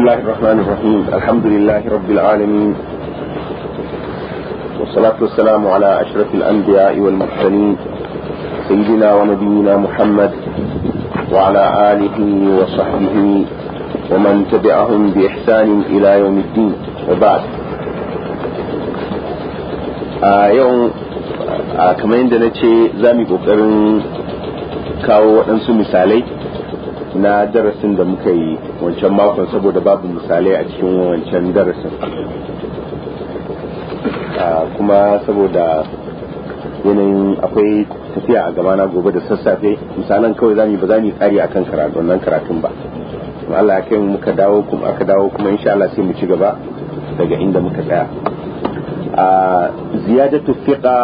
بسم الله الرحمن الرحيم الحمد لله رب العالمين والصلاة والسلام على أشرف الأنبياء والمرسلين سيدنا ونبينا محمد وعلى آله وصحبه ومن تبعهم بإحسان إلى يوم الدين وبعد آه يوم آه كما عندنا شيء زامي بقرن كاو أنسو مثالي na darasin da muka yi wancan makon saboda babu misalai a cikin wancan darasin ah, kuma saboda yanayin akwai tafiya a gabana gobe da sassafe misalan kawai zami ba za tsari a kan karatu wannan karatun ba Allah ya kai muka dawo kuma aka dawo kuma insha Allah sai mu ci gaba daga inda muka tsaya a ah, ziyadatu fiqa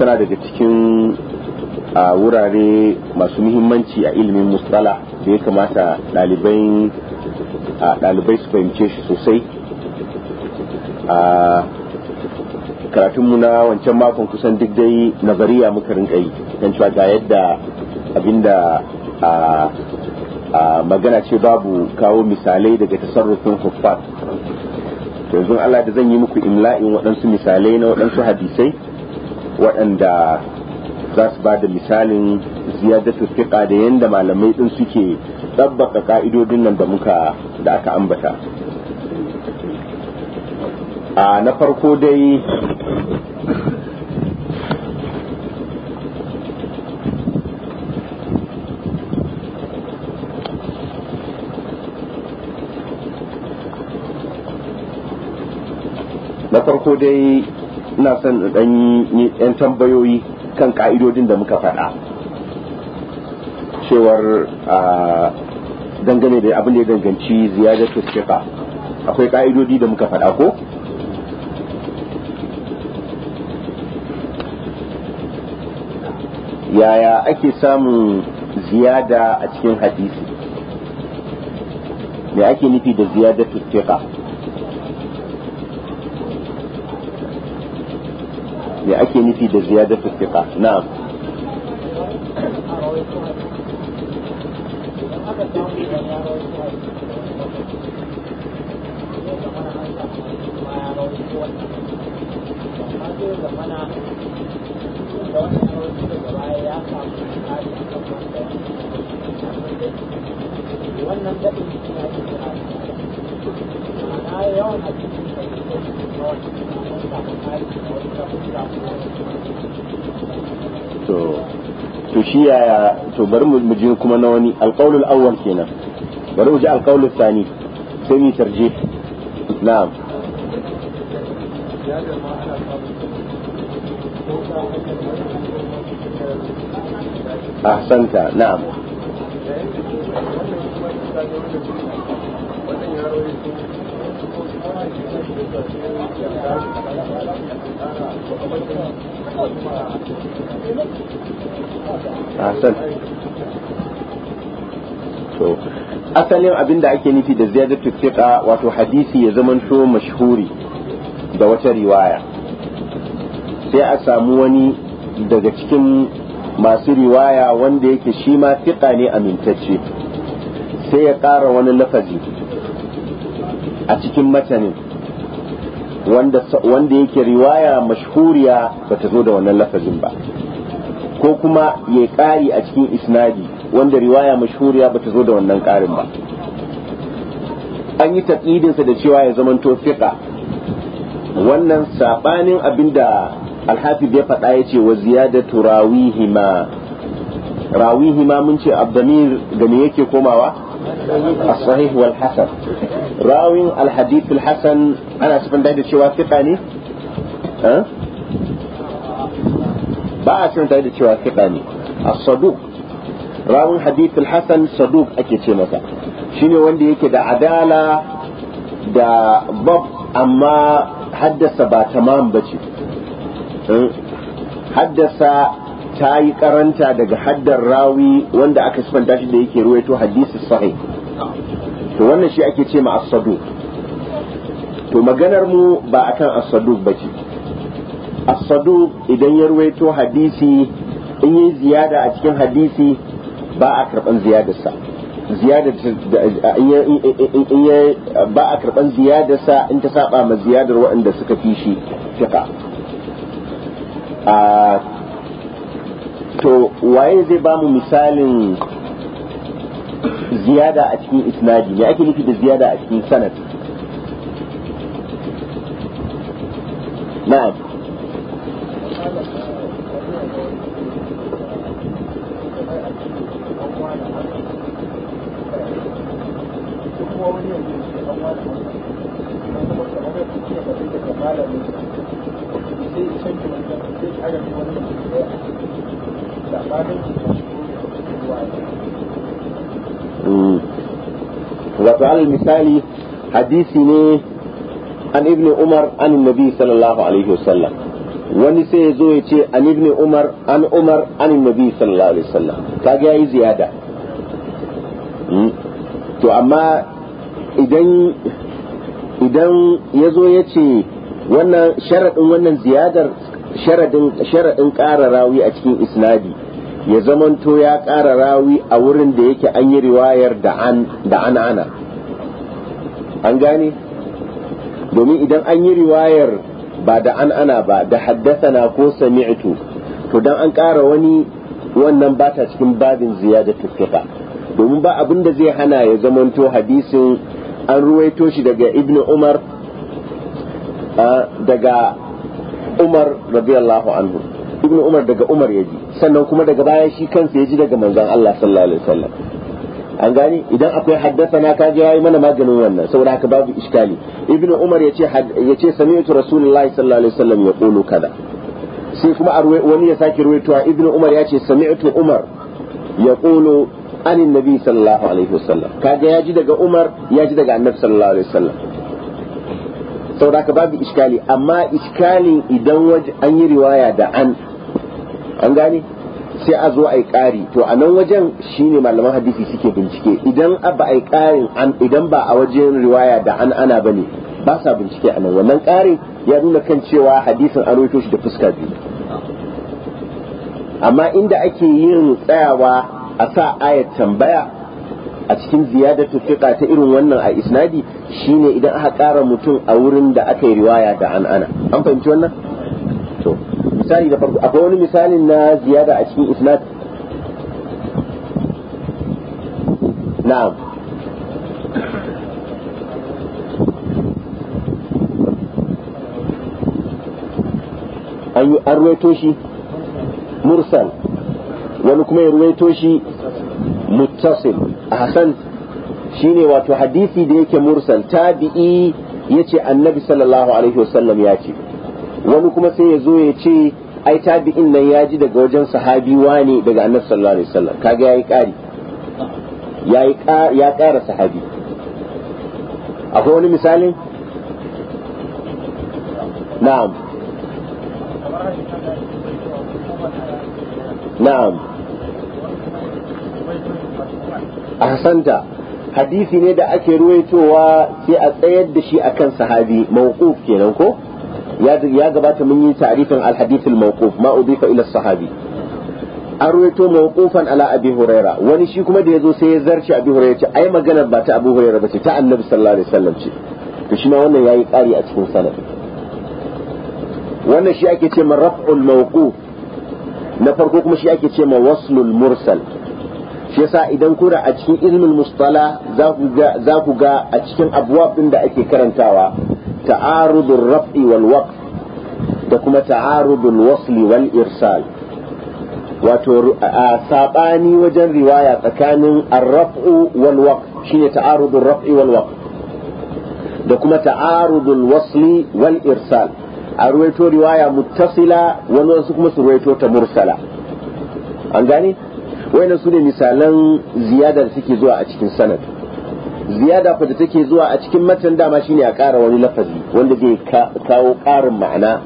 tana daga cikin a wurare masu muhimmanci a ilimin mustala da ya kamata ɗalibai su fahimce shi sosai a karatunmu na wancan makon kusan duk dai nazariya muka rinka yi kan cewa ga yadda abinda a magana ce babu kawo misalai daga tasarrufin huffat yanzu Allah da zan yi muku imla'in waɗansu misalai na waɗansu hadisai waɗanda za su ba da misalin ziyarar fiqa da yadda malamai din suke tsabbaka ƙa'idodin nan da muka da aka ambata a na farko dai na farko dai ina son ɗan yi 'yan tambayoyi Kan ka'idodin da muka faɗa cewar dangane da abin da ya danganci ziyarar shifa akwai ka'idodi da muka faɗa ko yaya ake samun ziyada a cikin hadisi me ake nufi da ziyadar thiqa me ake nufi da ziyadatul thiqa na'am to bari mu je kuma na wani alqaul al-awwal kenan bari mu ji alqaul al-thani sai ni tarje na'am ahsanta na'am Ah, asalin abin da ake nufi da ziyadatu thiqa wato hadisi ya zama zamanto mashhuri da wata riwaya sai a samu wani daga cikin masu riwaya wanda yake shi ma fiƙa ne amintacce sai ya ƙara wani lafazi a cikin matanin wanda yake riwaya mashhuriya ba ta zo da wannan lafazin ba ko kuma ya ƙari a cikin isnadi wanda riwaya mashhuriya ba ta zo da wannan ƙarin ba an yi taƙidinsa da cewa ya zamanto fiqa wannan saɓanin abinda alhafi ya faɗa ya ce wa ziyadatu rawihima rawihima mun ce abdamir ga me yake komawa الصحيح والحسن راوي الحديث الحسن أنا أسفن دائما شوى ثقاني أه؟ بقى أسفن دائما شوى ثقاني الصدوق راوي الحديث الحسن صدوق أكيد شيء مثلا شنو وندي يكي دا عدالة دا ضبط أما حدث با تمام بشي حدث ta yi karanta daga haddar rawi wanda aka sifanta shi da yake ruwaito hadisi sahi to wannan shi ake ce ma as sadu to maganar mu ba akan as ba ce as sadu idan ya ruwaito hadisi in yi ziyada a cikin hadisi ba a karban ziyadarsa ba a karban ziyadarsa in ta saba ma ziyadar waɗanda suka fi shi fiqa to waye zai ba mu misalin ziyada a cikin isnadi ne ake nufi da ziyada a cikin sanad na'am Thank you. Hmm. wato alal misali hadisi ne an ibn umar an nabi sallallahu alaihi wasallam wani sai ya zo ya ce an ibn umar an umar an nabi sallallahu alaihi wasallam ga yayi ziyada hmm. to amma idan idan ya zo ya ce wannan sharaɗin wannan ziyadar sharaɗin ƙara rawi a cikin isnadi ya zamanto ya ƙara rawi a wurin da yake an yi riwayar da an ana an gane domin idan an yi riwayar ba da an ana ba da haddasa na ko sami'tu to don an ƙara wani wannan ba ta cikin babin ziyadatu domin ba abin da zai hana ya zamanto hadisin an ruwaito shi daga ibnu umar daga umar radiyallahu anhu ibnu umar daga umar yaji sannan kuma daga baya shi kansa ya ji daga manzon Allah sallallahu alaihi wasallam an gani idan akwai haddasa na kaje yayi mana maganin wannan saboda haka babu iskali Ibnu umar yace yace sami'tu rasulullahi sallallahu alaihi wasallam yaqulu kaza sai kuma wani ya sake ruwaitowa Ibnu umar yace sami'tu umar ya kulo anin nabi sallallahu alaihi wasallam kaga ya ji daga umar ya ji daga annabi sallallahu alaihi wasallam saboda haka babu iskali amma iskalin idan an yi riwaya da an an gane sai a zo a yi ƙari to a nan wajen shine malaman hadisi suke bincike idan ba a yi ƙarin idan ba a wajen riwaya da an ana ba ne ba sa bincike a nan wannan ƙari ya nuna kan cewa hadisin an roƙo shi da fuska biyu amma inda ake yin tsayawa a sa ayat tambaya a cikin ziyadar fiqa ta irin wannan a isnadi shine idan aka ƙara mutum a wurin da aka yi riwaya da an ana an fahimci wannan to misali na farko akwai wani misalin na ziyada a cikin isnad na'am an yi an ruwaito shi mursal wani kuma ya ruwaito shi muttasil a hasan shine wato hadisi da yake mursal tabi'i ya yace annabi sallallahu alaihi wasallam ya ce wani kuma sai ya zo ya ce ai tabi'in nan ya ji daga wajen sahabi ne daga annabi sallallahu alaihi wasallam kaga yayi kari yayi ya kara sahabi akwai wani misalin na'am na'am hasanta hadisi ne da ake ruwaitowa sai a tsayar da shi akan sahabi mawquf kenan ko ya gabata mun yi ta'rifin alhadith hadith al ma udifa ila sahabi an ruwaito mawqufan ala abi huraira wani shi kuma da yazo sai ya zarce abi huraira ce ai magana ba ta abu huraira ba ce ta annabi sallallahu alaihi wasallam ce to shi ma wannan yayi kari a cikin sanad wannan shi ake ce ma raf'ul mawquf na farko kuma shi ake ce ma waslul mursal shi yasa idan kura a cikin ilmin mustala za ku ga a cikin abuwab da ake karantawa ta'arudul raf'i wal waqf da kuma ta'arudul wasli irsal wato a sabani wajen riwaya tsakanin ar-raf'u wal waqf shine ta'arudul raf'i wal waqf da kuma ta'arudul wasli irsal a ruwaito riwaya muttasila wani wasu kuma su ruwaito ta mursala an gane su ne misalan ziyadar suke zuwa a cikin sanad ziyada ku da take zuwa a cikin matan dama shine a ƙara wani lafazi wanda zai kawo ƙarin ma'ana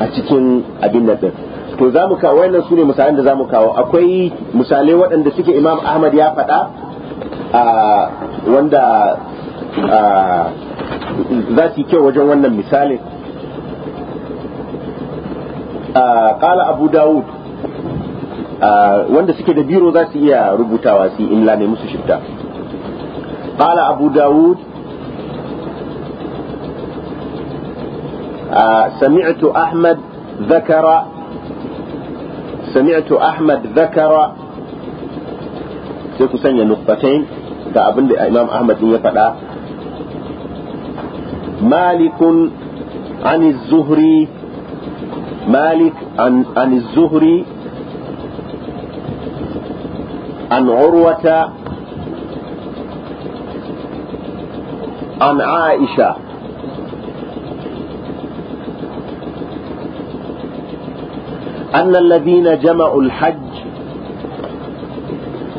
a cikin abin nan din to za mu kawo wannan su ne misalan da za mu kawo akwai misalai waɗanda suke imam ahmad ya faɗa a wanda za su yi kyau wajen wannan misalin ƙala abu dawud wanda suke da biro za su iya rubutawa su in musu shifta قال أبو داود آه، سمعت أحمد ذكر سمعت أحمد ذكر سيكو سنة نقطتين ده أبن الإمام أحمد يفعل مالك عن الزهري مالك عن, عن الزهري عن عروة عن عائشة أن الذين جمعوا الحج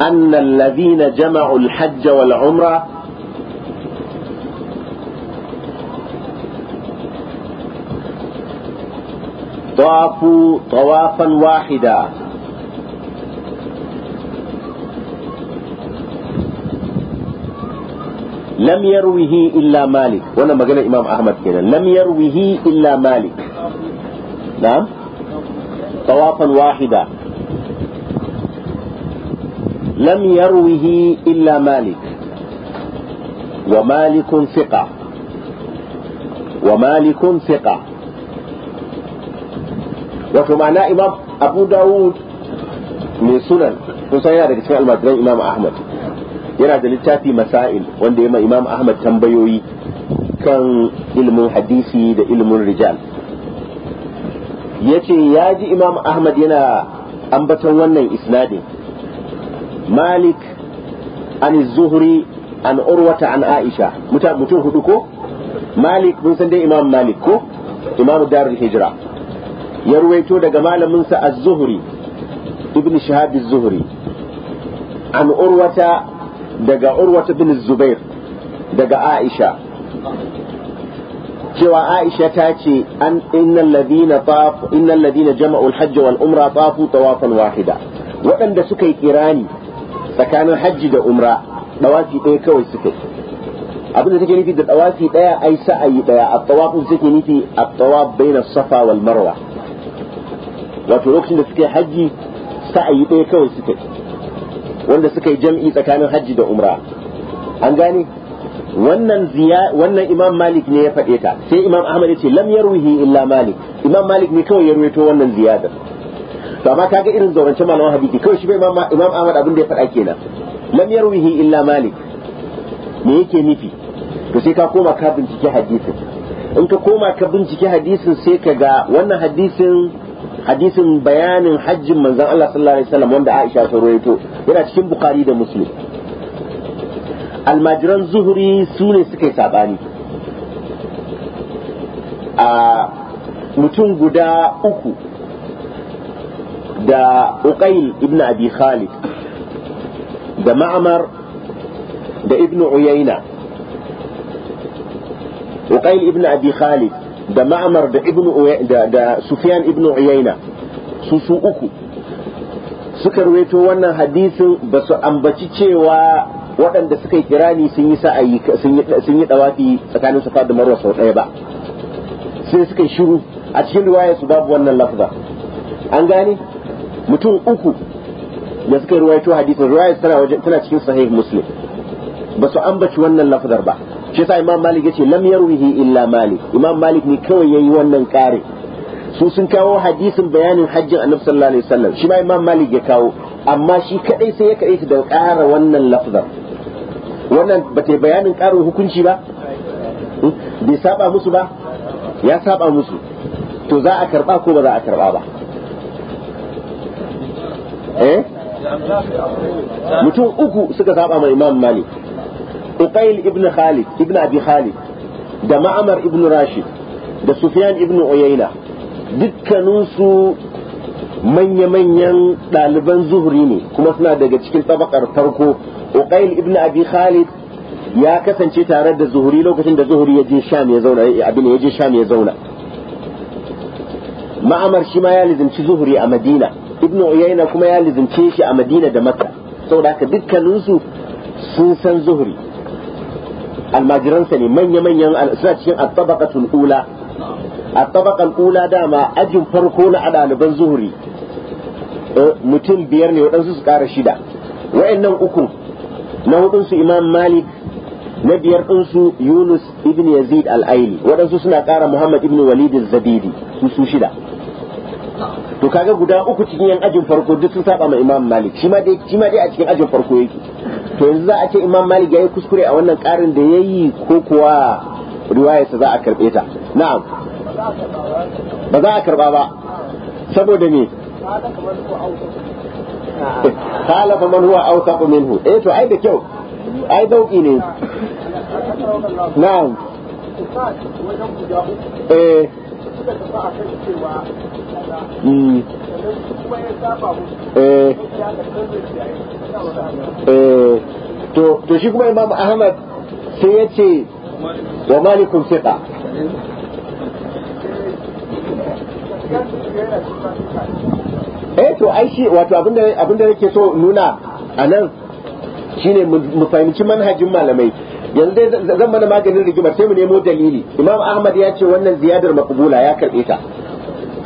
أن الذين جمعوا الحج والعمرة طافوا طوافا واحدا لم يروه إلا مالك وانا ما قلنا إمام أحمد كنا لم يروه إلا مالك نعم طوافا واحدا لم يروه إلا مالك ومالك ثقة ومالك ثقة وفي معنى إمام أبو داود من سنن نسيارك سيئة المدرين إمام أحمد yana da littafi masail wanda ya ma imam ahmad tambayoyi kan ilmin hadisi da ilmin rijal ya ce ya ji imam ahmad yana ambaton wannan isnadin malik an zuhri an urwata an aisha mutum hudu ko malik mun san dai imam malik ko imam darul hijra ya ruwaito daga malaminsa az-zuhri ibn shahab az-zuhri an urwata daga urwata bin zubair daga aisha cewa aisha ta ce an innal ladina tafu innal ladina jama'u al wal umra tafu tawafan wahida waɗanda suka yi kirani tsakanin hajji da umra dawafi ɗaya kawai suka abin da take nufi da dawafi ɗaya ai sa'ayi ɗaya at-tawafu take nufi at-tawaf baina safa wal marwa wato lokacin da suke hajji sa'ayi ɗaya kawai suka wanda suka yi jam'i tsakanin hajji da umra an gane wannan wannan imam malik ne ya faɗe ta sai imam ahmad ya ce lam yarwihi illa malik imam malik ne kawai ya ruwaito wannan ziyadar to amma kaga irin zaurance malaman hadisi kawai shi bai imam ahmad abin da ya faɗa kenan lam yarwihi illa malik me yake nufi to sai ka koma ka bincike hadisin in ka koma ka bincike hadisin sai ka ga wannan hadisin hadisin bayanin hajjin manzon Allah sallallahu alaihi wasallam wanda Aisha ta rawaito yana cikin Bukhari da Muslim almajiran zuhuri su ne suka yi sabani a mutum guda uku da Uqail ibn Abi Khalid da ma'amar da ibn Uyayna Uqail ibn Abi Khalid da ma'amar da ibn da ibn uyayna su su uku suka ruwaito wannan hadisin ba su ambaci cewa waɗanda suka yi kirani sun yi sa'ayi sun yi dawafi tsakanin safa da marwa sau ɗaya ba sai suka yi shiru a cikin riwaya su babu wannan lafza an gane mutum uku da suka ruwaito hadisin ruwaya tana cikin sahih muslim ba su ambaci wannan lafzar ba shi yasa imam malik yace lam yarwihi illa malik imam malik ne kawai yayi wannan kare su sun kawo hadisin bayanin hajjin annabi sallallahu alaihi wasallam shi ma imam malik ya kawo amma shi kadai sai ya shi da ƙara wannan lafzan wannan ba ta bayanin ƙarin hukunci ba hmm? bai saba musu ba ya saba musu to za a karba ko ba za a karba ba eh mutum uku suka saba ma imam malik uqail ibn khalid ibn abi khalid da ma'amar ibn rashid da sufyan ibn uyayna dukkaninsu manya-manyan ɗaliban zuhuri ne kuma suna daga cikin tabakar farko uqail ibn abi khalid ya kasance tare da zuhuri lokacin da zuhuri ya je sham ya zauna abin ya je sham ya zauna ma'amar shi ma ya lizinci zuhuri a madina Ibn uyayna kuma ya lizince shi a madina da makka saboda haka dukkaninsu sun san zuhuri almajiransa ne manya-manyan suna cikin attabaqatul ula attabaqal ula dama ajin farko na ɗaliban zuhuri eh, mutum biyar ne waɗansu su ƙara shida wa'annan uku na hudunsu imam malik na biyar ɗinsu yunus ibn yazid al-aili waɗansu suna ƙara muhammad ibn walid zabidi su su shida to kaga guda uku cikin yan ajin farko duk sun saba ma imam malik shi ma dai shi ma dai a cikin ajin farko yake to yanzu za a ce imam malik yayi kuskure a wannan karin da yayi ko kuwa riwayarsa za a karbe ta na'am ba za a karba ba saboda me fa man huwa awsaq minhu eh to ai da kyau ai dauki ne na'am eh Mm. kuma ya eh. eh. to shi kuma imam ahmad sai ya ce wa malikun fiqa eh to ai shi wato abinda abinda nake so nuna a nan shine mu fahimci manhajin malamai yanzu dai zan mana maganin rigimar sai mu nemo dalili imam ahmad ya ce wannan ziyadar makbula ya karbe ta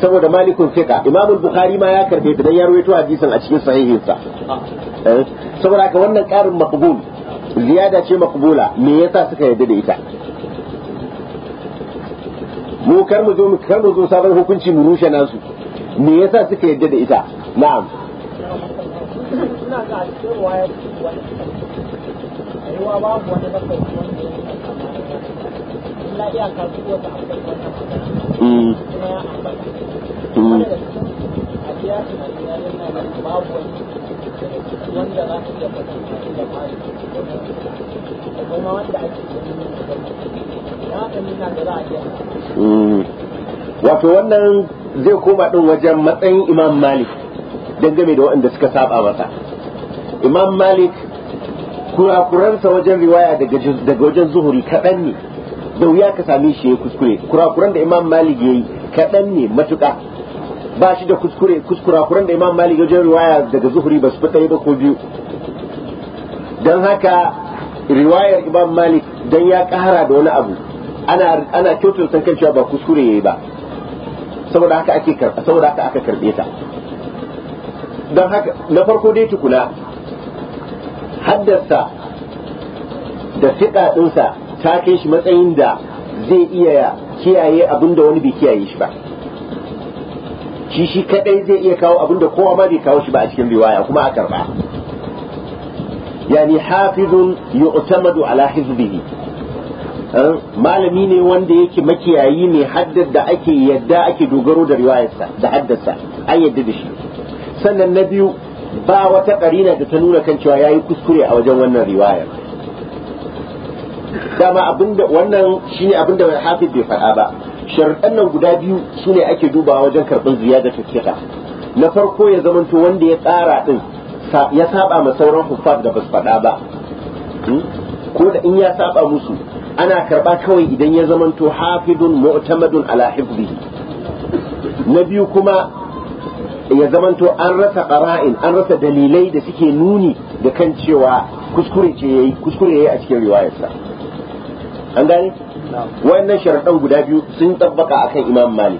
saboda malikun fiqa imam bukhari ma ya karbe ta dan ya rawaito hadisin a cikin sahihin sa eh? saboda ka wannan karin makbul ziyada ce makbula me yasa suka yarda da ita mu kar mu zo kar mu zo sabon hukunci mu rushe nasu me yasa suka yarda da ita na'am ruwa babu wato wannan zai koma ɗin wajen matsayin imam malik dangane da waɗanda suka saba masa imam malik kurakuransa wajen riwaya daga wajen zuhuri kaɗan ne da wuya ka same shi ya kuskure kurakuran da imam malik ya yi kaɗan ne matuƙa ba shi da kuskure kuskurakuran da imam malik wajen riwaya daga zuhuri ba su fi ɗaya ba ko biyu don haka riwayar imam malik don ya ƙara da wani abu ana ana san kan cewa ba kuskure yayi ba saboda haka ake saboda haka aka karɓe ta don haka na farko dai tukuna haddasa da fiɗa ɗinsa ta kai shi matsayin da zai iya kiyaye abin da wani bai kiyaye shi ba shi shi kadai zai iya kawo abinda da kowa ma bai kawo shi ba a cikin riwaya kuma a karɓa yani hafizun utamadu ala hizbihi malami ne wanda yake makiyayi ne haddar da ake yadda ake dogaro da riwayarsa da haddarsa an yadda da shi sannan na biyu ba wata karina da ta nuna kan cewa ya yi kuskure a wajen wannan riwayar dama abinda wannan shine abinda hafi bai faɗa ba sharuɗan nan guda biyu sune ake dubawa wajen karɓar ziyadatu fiqa na farko ya zamanto wanda ya tsara ɗin ya saba ma sauran huffaz da basu faɗa ba hmm? ko da in ya saba musu ana karɓa kawai idan ya zamanto hafidun mu'tamadun ala hifzihi na biyu kuma ya zamanto an rasa qara'in an rasa dalilai da suke nuni da kan cewa kuskure ce yi kuskure yayi a cikin riwayarsa an gane wannan sharadan guda biyu sun tabbaka akan Imam Malik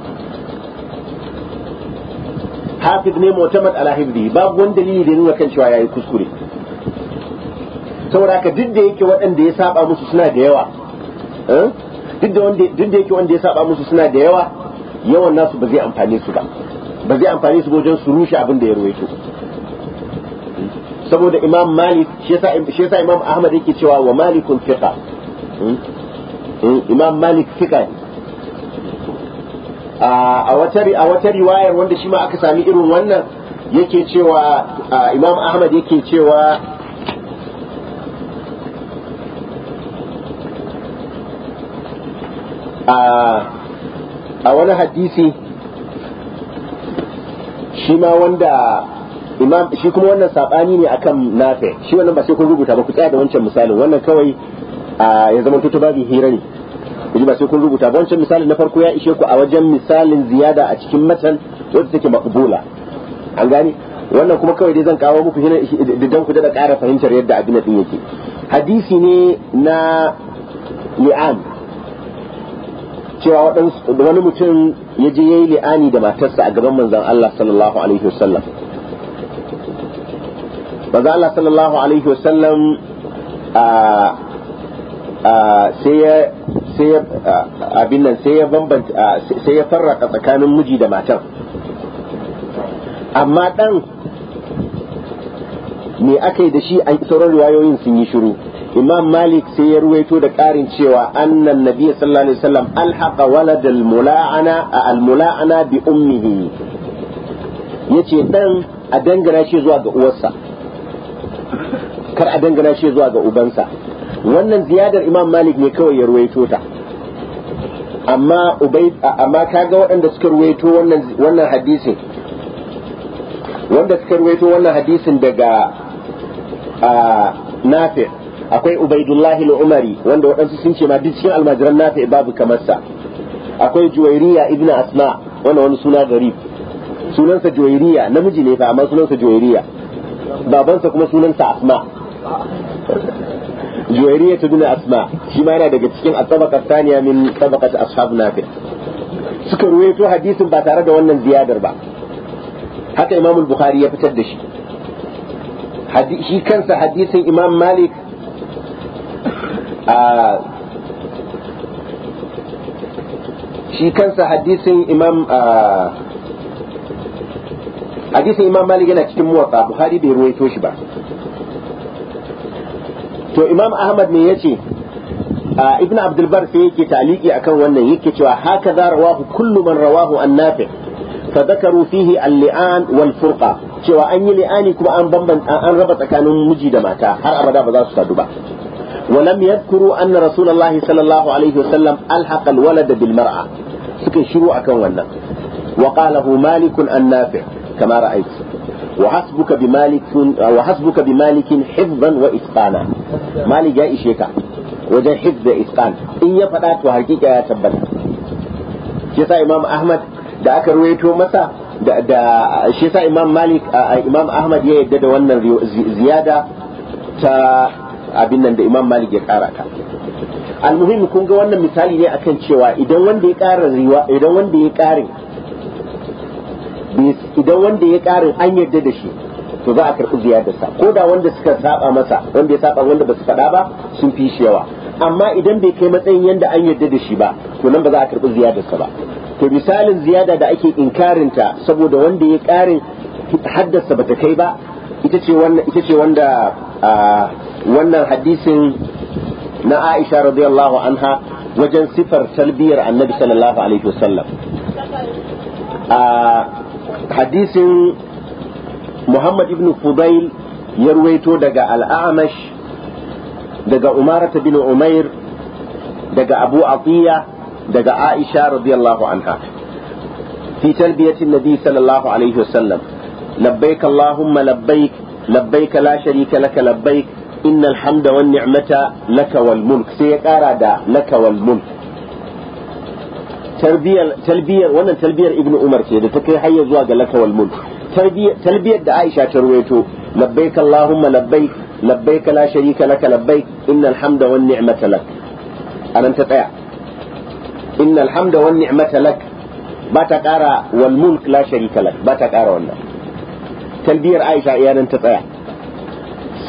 hafiz ne mu'tamad ala babu wani dalili da nuna kan cewa yayi kuskure saboda ka duk da yake waɗanda ya saba musu suna da yawa eh? duk da yake wanda ya saba musu suna da yawa yawan nasu ba zai amfane su ba ba zai amfani su wajen su rushe abin da ya ruwaito saboda imam malik shi yasa imam ahmad yake cewa wa malikun fiqa hmm? Hmm? imam malik fiqa ne a wata a wata riwayar wanda shi ma aka sami irin wannan yake cewa imam ahmad yake cewa a wani hadisi shi ma wanda imam shi kuma wannan sabani ne akan nafe shi wannan ba sai kun rubuta ba ku tsaya da wancan misalin wannan kawai ya zama tutu babu hira ne kuji ba sai kun rubuta ba wancan misalin na farko ya ishe ku a wajen misalin ziyada a cikin matan wadda take maqbula an gani wannan kuma kawai dai zan kawo muku hira dan ku da ƙara fahimtar yadda abin din yake hadisi ne na li'an cewa waɗansu wani mutum ya je yayi li'ani da matarsa a gaban manzan Allah sallallahu alaihi wasallam manzon Allah sallallahu alaihi wasallam a sai ya sai ya abin nan sai ya bambanta sai farraka tsakanin miji da matar amma ɗan me aka yi da shi an sauran riwayoyin sun yi shiru imam malik sai ya ruwaito da karin cewa annan nabi sallallahu alaihi wasallam alhaqa walad almula'ana almula'ana bi ummihi yace dan a dangana shi zuwa ga uwarsa kar a dangana shi zuwa ga ubansa wannan ziyadar imam malik ne kawai ya ruwaito ta amma ubay amma kaga waɗanda suka ruwaito wannan wannan hadisin wanda suka ruwaito wannan hadisin daga nafi' akwai ubaidullah al-umari wanda waɗansu sun ce ma duk cikin almajiran nafi babu kamar sa akwai juwairiya ibn asma wanda wani suna garib sunansa juwairiya namiji ne fa amma sunansa juwairiya babansa kuma sunansa asma juwairiya ta bin asma shi ma yana daga cikin asabaka saniya min sabaqat ashab nafi suka ruwaito hadisin ba tare da wannan ziyadar ba haka imamul bukhari ya fitar da shi shi kansa hadisin imam malik shi kansa hadisin imam hadisin imam malik yana cikin muwaƙa buhari bai ruwaito shi ba to imam ahmad ne yace ibn Abdulbar sai yake taliki akan wannan yake cewa haka za rawahu kullu man rawahu an nafi fa zakaru fihi al-li'an wal furqa cewa an yi li'ani kuma an an raba tsakanin miji da mata har abada ba za su sadu ba ولم يذكروا أن رسول الله صلى الله عليه وسلم ألحق الولد بالمرأة سكن شروع كان ولا وقاله مالك النافع كما رأيت وحسبك بمالك وحسبك بمالك حفظا وإتقانا مالك جاء شيكا وجاء حفظ إتقان إن يفتات وحقيقة يا تبت شيسا إمام أحمد da aka ruwaito masa da shi sa imam malik imam ahmad ya yadda da wannan ziyada ta abin nan da imam malik ya kara ta almuhimmi kun ga wannan misali ne akan cewa idan wanda ya kara riwa idan wanda ya kare idan wanda ya kare an yarda da shi to za a karɓi ziyadarsa ko da wanda suka saba masa wanda ya saba wanda ba su faɗa ba sun fi shi yawa amma idan bai kai matsayin yanda an yarda da shi ba to nan ba za a karɓi ziyadarsa ba to misalin ziyada da ake inkarinta saboda wanda ya karin haddasa bata kai ba ita ce wanda wannan hadisin na Aisha radiyallahu anha wajen sifar talbiyar Annabi sallallahu alaihi wasallam a hadisin Muhammad ibn Fudail ya ruwaito daga Al'amash daga Umarata bin Umair daga Abu Atiya daga Aisha radiyallahu anha fi talbiyatin Nabi sallallahu alaihi wasallam labbaik Allahumma labbaik labbaik la sharika laka labbaik innal hamda wan ni'mata laka wal mulk sai ya kara da laka wal talbiyar wannan talbiyar ibnu umar ce da ta kai zuwa ga laka wal mulk talbiyar da aisha ta ruwaito labbaik Allahumma labbaik labbaik la sharika laka labbaik innal hamda wan ni'mata lak anan ta tsaya innal hamda wan talbiyar Aisha iyanan ta tsaya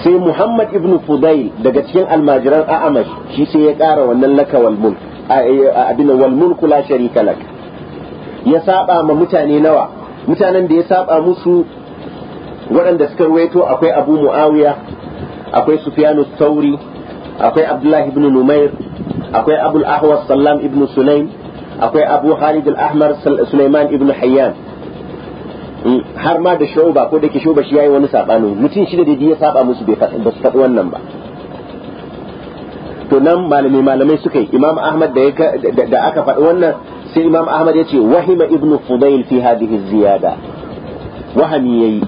sai Muhammad ibn Fudail daga cikin almajiran A'amash shi sai ya kara wannan laka wal mulk abin wal mulk la sharika lak ya saba ma mutane nawa mutanen da ya saba musu waɗanda suka ruwaito akwai Abu Muawiya akwai sufyanu tsauri akwai Abdullahi ibn Numair akwai Abu ahwas Sallam ibn Sulaim akwai Abu Khalid al-Ahmar Sulaiman ibn Hayyan Mm. har ma da shoba ko da ke shoba shi yayi wani sabani mutum shida da ya saba musu bai faɗi su faɗi wannan ba to nan malamai malamai suka yi imam ahmad da da aka faɗi wannan sai imam ahmad ya ce wahima ibn fudail fi hadhihi ziyada wahami yayi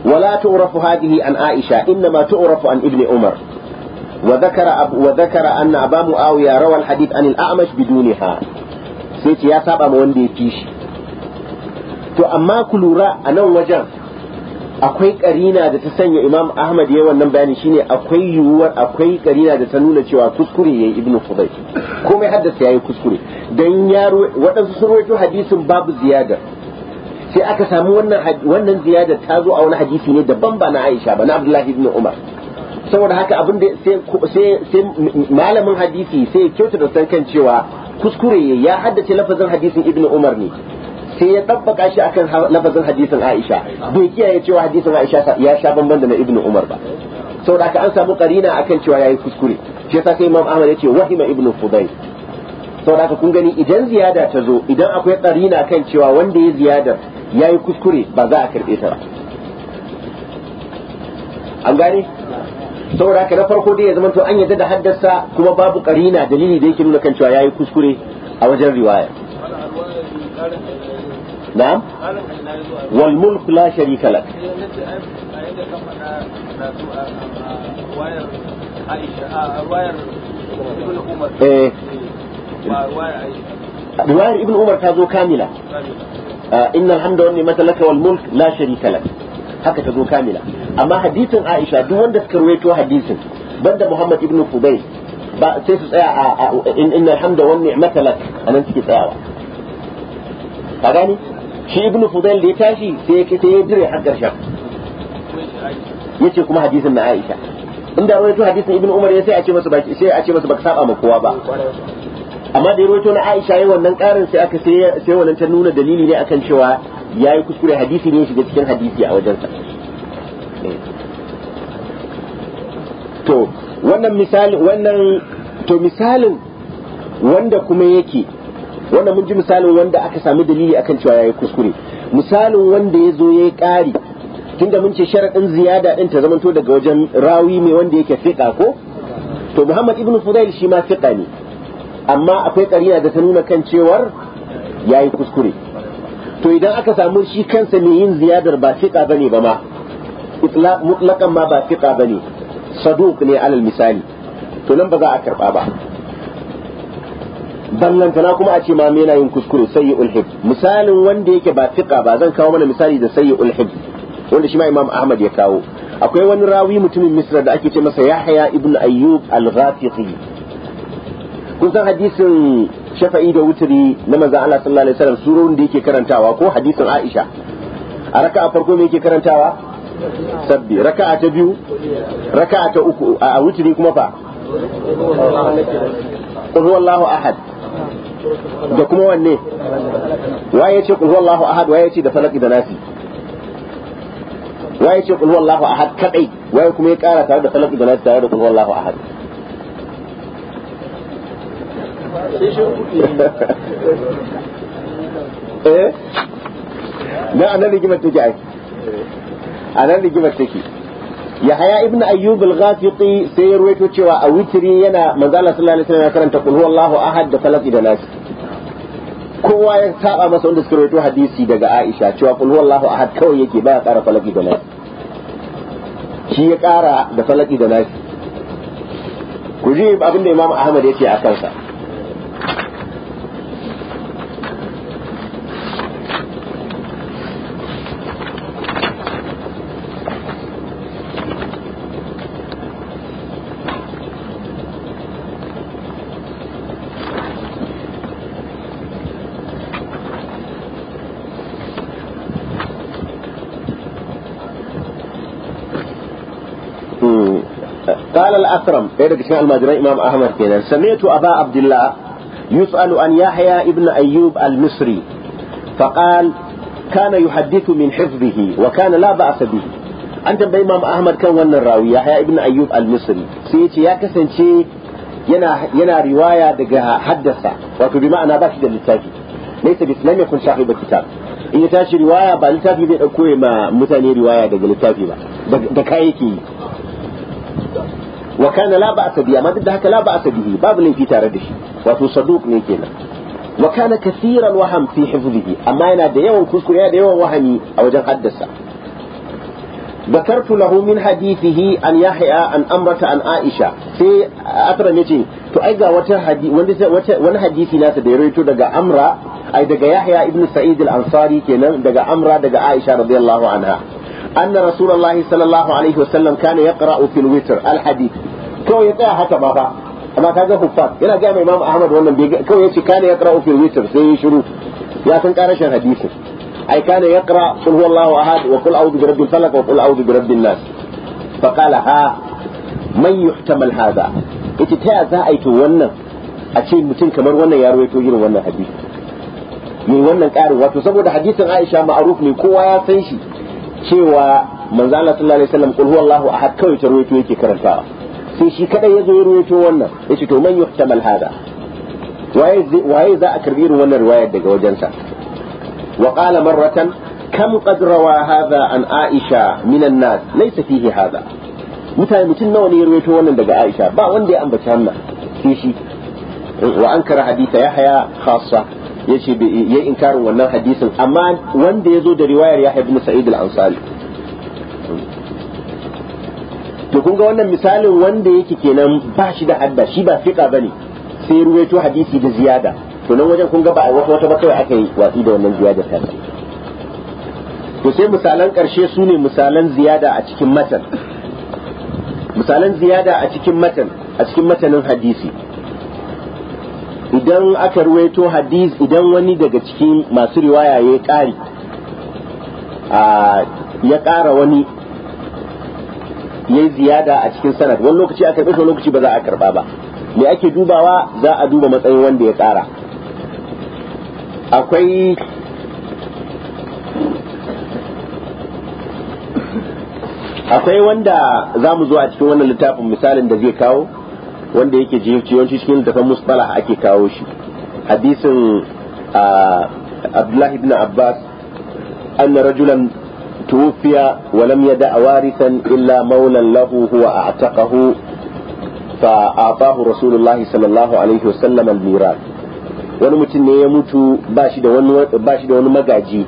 ولا تعرف هذه عن عائشة إنما تعرف عن ابن عمر وذكر, أب وذكر أن أبا معاوية روى الحديث عن الأعمش بدونها سيتي يا سابا موندي تيشي to amma ku lura a nan wajen akwai karina da ta sanya imam ahmad ya wannan bayani shine akwai yiwuwar akwai karina da ta nuna cewa kuskure yayi ibnu qudayy komai haddasa yayi kuskure dan ya waɗansu sun rawaito hadisin babu ziyada sai aka samu wannan wannan ziyada ta zo a wani hadisi ne daban ba na Aisha ba na Abdullahi ibn Umar saboda haka abin da sai malamin hadisi sai ya kyautata san kan cewa kuskure ya haddace lafazin hadisin Ibnu Umar ne sai ya tabbaka shi akan lafazin hadisin Aisha bai kiyaye cewa hadisin Aisha ya sha bamban da na Ibn Umar ba saboda ka an samu karina akan cewa yayi kuskure shi yasa sai Imam Ahmad yace wahima Ibn Fudayl saboda ka kun gani idan ziyada ta zo idan akwai karina kan cewa wanda ya ziyadar yayi kuskure ba za a karbe ta ba an gane saboda ka na farko dai ya zama to an yadda da haddasa kuma babu karina dalili da yake nuna kan cewa yayi kuskure a wajen riwaya na'am wal mulk la sharika lak riwayar ibn umar ta zo kamila inna alhamda wa laka wal mulk la sharika lak haka ta zo kamila amma hadisin aisha duk wanda suka rawaito hadisin banda muhammad ibn fudayl ba sai su tsaya a inna alhamda wa ni'mata a anan suke tsayawa ka gani shi ibnu fudail da ya tashi sai ya ya dire har ƙarshen yace kuma hadisin na Aisha inda wai hadisin ibnu Umar ya sai a ce masa baki sai a ce masa baka saba ma kowa ba amma da ya rawaito na Aisha yayin wannan karin sai aka sai sai wannan ta nuna dalili ne akan cewa yayi kuskure hadisi ne shiga cikin hadisi a wajensa to wannan misali wannan to misalin wanda kuma yake wannan mun ji misalin wanda aka sami dalili akan cewa yayi kuskure misalin wanda ya zo yayi ƙari tunda mun ce sharaɗin ziyada ɗin ta zamanto daga wajen rawi mai wanda yake fiƙa ko to Muhammad ibn Fudail shi ma fiƙa ne amma akwai ƙarina da ta nuna kan cewar yayi kuskure to idan aka samu shi kansa mai yin ziyadar ba fiƙa bane ba ma mutlaqan ma ba fiƙa bane saduq ne alal misali to nan ba za a karba ba tana kuma a ce ma yana yin kuskure sayyi ulhib misalin wanda yake ba fiqa ba zan kawo mana misali da sayyi ulhib wanda shi ma imam ahmad ya kawo akwai wani rawi mutumin misra da ake ce masa yahya ibn ayyub al-ghafiqi kun san hadisin shafa'i da wutri na manzo Allah sallallahu alaihi wasallam surorin da yake karantawa ko hadisin aisha a raka'a farko me yake karantawa sabbi raka'a ta biyu raka'a ta uku a wutri kuma fa qul huwallahu ahad da kuma wanne waye ya ce kul huwallahu ahad waye ya ce da falaki da nasi waye ya ce kul huwallahu ahad kadai waye kuma ya kara tare da falaki da nasi tare da kul huwallahu ahad eh dan anan rigimar take ai anan rigimar take yahaya ibnu ayyub al-ghafiqi sai ya rwaito cewa a witri yana manzala sallallahu alaihi wasallam karanta qul huwallahu ahad da falaq da nas kowa ya saba masa wanda suka rawaito hadisi daga aisha cewa qul huwallahu ahad kawai yake ba ya kara falaq da nas shi ya kara da falaq da nas ku ji abin da imam ahmad ya ce a kansa أكرم بيدك شيء المجرى إمام أحمد كينا سمعت أبا عبد الله يسأل عن يحيى ابن أيوب المصري فقال كان يحدث من حفظه وكان لا بأس به أنت بإمام أحمد كان ون الراوي يحيى ابن أيوب المصري سيتي يا كسن شيء ينا, ينا رواية دقها حدثة بمعنى باشد للتاجي ليس بس لم يكن صاحب الكتاب in ya tashi riwaya ba littafi zai ɗauko ma mutane riwaya daga wa kana la amma duk da haka la ba babu laifi tare da shi wato saduq ne kenan wakana kana kaseeran waham fi hifzihi amma yana da yawan kuskure da yawan wahani a wajen haddasa bakartu lahu min hadithihi an yahya an amrata an aisha sai atra ne ce to ai wani hadisi na ta da yaro daga amra ai daga yahya ibn sa'id al-ansari kenan daga amra daga aisha radiyallahu anha أن رسول الله صلى الله عليه وسلم كان يقرأ في الوتر الحديث kawai ya tsaya haka ba fa amma ka ga huffaz yana ga mai Imam Ahmad wannan bai kawai yace kana yaqra'u fi witr sai ya shiru ya san karashin hadisi ai kana yaqra qul huwallahu ahad wa qul a'udhu birabbil falaq wa qul a'udhu birabbin nas fa qala ha man yuhtamal hadha yace ta za a yi to wannan a ce mutum kamar wannan ya rawaito irin wannan hadisi ne wannan karin wato saboda hadisin Aisha ma'ruf ne kowa ya san shi cewa manzo Allah sallallahu alaihi wasallam qul huwallahu ahad kawai ta rawaito yake karantawa sai shi kadai ya zo ya ruwaito wannan ya ce to man yuhtamal hada waye za a karbi irin wannan riwayar daga wajensa wa qala marratan kam qad rawa hadha an aisha minan nas laysa fihi mutane nawa ne ya ruwaito wannan daga aisha ba wanda ya ambaci wannan sai shi wa ankara yahya khassa yace ya inkarin wannan hadisin amma wanda ya zo da riwayar yahya ibn sa'id al-ansari to kun ga wannan misalin wanda yake kenan ba shi da hadda shi ba fiqa bane sai ruwaito hadisi da ziyada to nan wajen kun ga ba wata wata ba kai aka yi watsi da wannan ziyada ta to sai misalan karshe su ne misalan ziyada a cikin matan misalan ziyada a cikin matan a cikin matanin hadisi idan aka ruwaito hadis idan wani daga cikin masu riwaya ya ƙari ya ƙara wani yayi ziyada a cikin sanad wani lokaci aka karbe lokaci ba za a karba ba me ake dubawa za a duba matsayin wanda ya tsara akwai akwai wanda za mu zo a cikin wannan littafin misalin da zai kawo wanda yake yawanci cikin littafin musbala ake kawo shi hadisin ah, abdullahi ibn abbas anna rajulan توفي ولم يدع وارثا إلا مولا له هو أعتقه فأعطاه رسول الله صلى الله عليه وسلم الميراث wani mutum ne ya mutu ba shi da wani magaji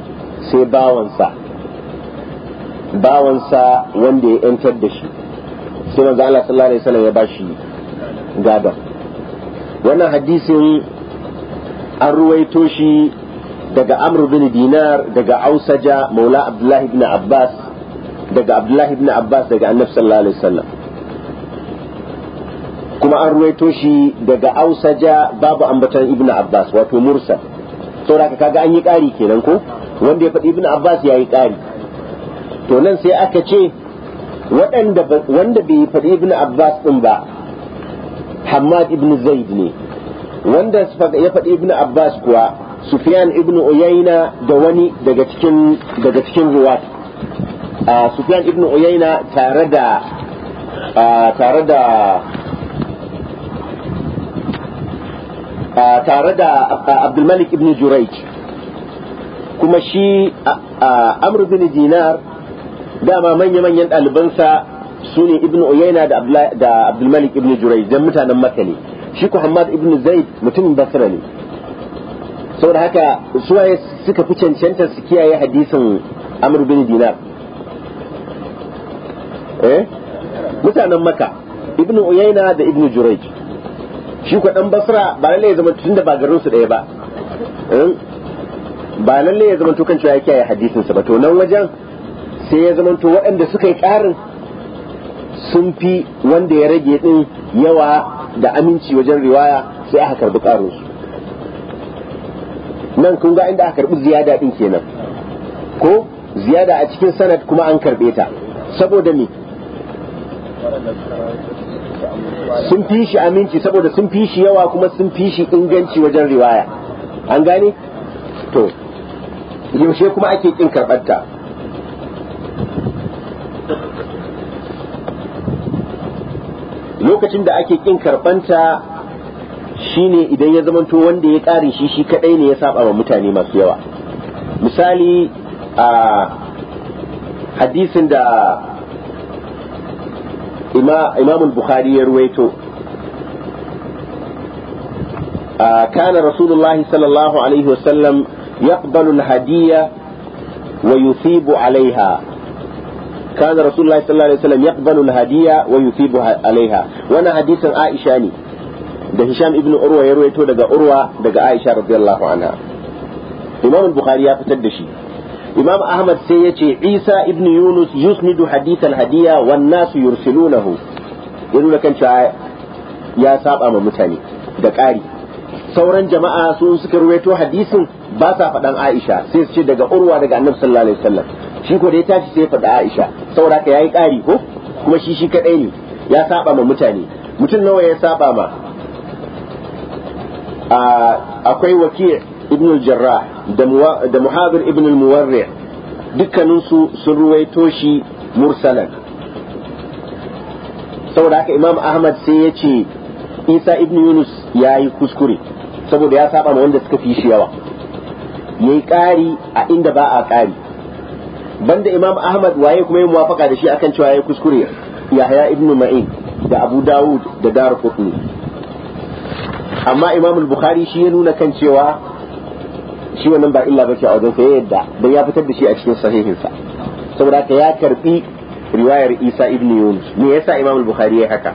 sai bawansa bawansa wanda ya yantar da shi sai manzo Allah sallallahu alaihi ya bashi gadon wannan hadisin an ruwaito shi daga amru bin dinar daga ausaja maula abdullahi ibn abbas daga abdullahi ibn abbas daga annabi sallallahu alaihi wasallam kuma an ruwaito shi daga ausaja babu ambatan ibn abbas wato mursal saboda kaga an yi ƙari kenan ko wanda ya faɗi ibn abbas ya yi ƙari to nan sai aka ce waɗanda wanda bai faɗi ibn abbas din ba hamad ibn zaid ne wanda ya faɗi ibn abbas kuwa Sufyan ibn Uyayna da wani daga cikin daga cikin ruwat ah, Sufyan ibn Uyayna tare da ah, tare da ah, tare da Abdul ibn Jurayj kuma shi Amr bin Dinar dama manya-manyan ɗalibansa su ne ibn Uyayna da Abdulmalik Malik ibn Jurayj dan mutanen Makka ne shi ko Hammad ibn Zaid mutumin Basra ne saboda haka suwaye suka fi cancanta su kiyaye hadisin amr bin dinar eh mutanen maka Ibnu uyaina da Ibnu jurayj shi ko dan basra ba lalle ya zama tunda ba garin su daya ba eh? ba lalle ya zama to kan cewa ya kiyaye hadisin sa ba to nan wajen sai ya zama to waɗanda suka yi ƙarin sun fi wanda ya rage din yawa da aminci wajen riwaya sai aka karbi ƙarin su nan kun ga inda aka karbi ziyada din kenan ko ziyada a cikin sanad kuma an karbe ta saboda me sun fi shi aminci saboda sun fi shi yawa kuma sun fi shi inganci wajen riwaya an gane to yaushe kuma ake kin ta? lokacin da ake kin karbanta shine idan ya zamanto wanda ya kare shi shi kadai ne ya saba wa mutane masu yawa misali a hadisin da imam bukhari ya ruwaito كان رسول الله صلى الله عليه وسلم يقبل الهدية ويثيب عليها كان رسول الله صلى الله عليه وسلم يقبل الهدية ويثيب عليها وانا حديث عائشة لي da Hisham ibn Urwa ya ruwaito daga Urwa daga Aisha radiyallahu anha Imam bukhari ya fitar da shi Imam Ahmad sai ya ce Isa ibn Yunus yusnidu hadithan hadiya wan nasu yursilunahu Ya nuna kan cewa ya saba ma mutane da ƙari sauran jama'a su suka ruwaito hadisin ba sa faɗan Aisha sai su ce daga Urwa daga Annabi sallallahu alaihi wasallam shi ko da ya tashi sai faɗa Aisha saboda ka yayi ƙari ko kuma shi shi kadai ne ya saba ma mutane mutum nawa ya saba ma akwai waki ibn jarrah da muhabir ibn muwarri dukkaninsu sun ruwaito shi mursalan saboda haka imam ahmad sai ya ce isa ibn yunus ya yi kuskure saboda ya saba wanda suka fi shi yawa ya yi ƙari a inda ba a ƙari banda imam ahmad waye kuma ya muwafaka da shi akan cewa ya yi kuskure yahya ibn ma'in da abu dawud da dar qutni amma imam al bukhari shi ya nuna kan cewa shi wannan ba illa bace a wajen sa yadda da ya fitar da shi a cikin sahihin sa saboda ka ya karbi riwayar isa ibn yunus me yasa imam al bukhari ya haka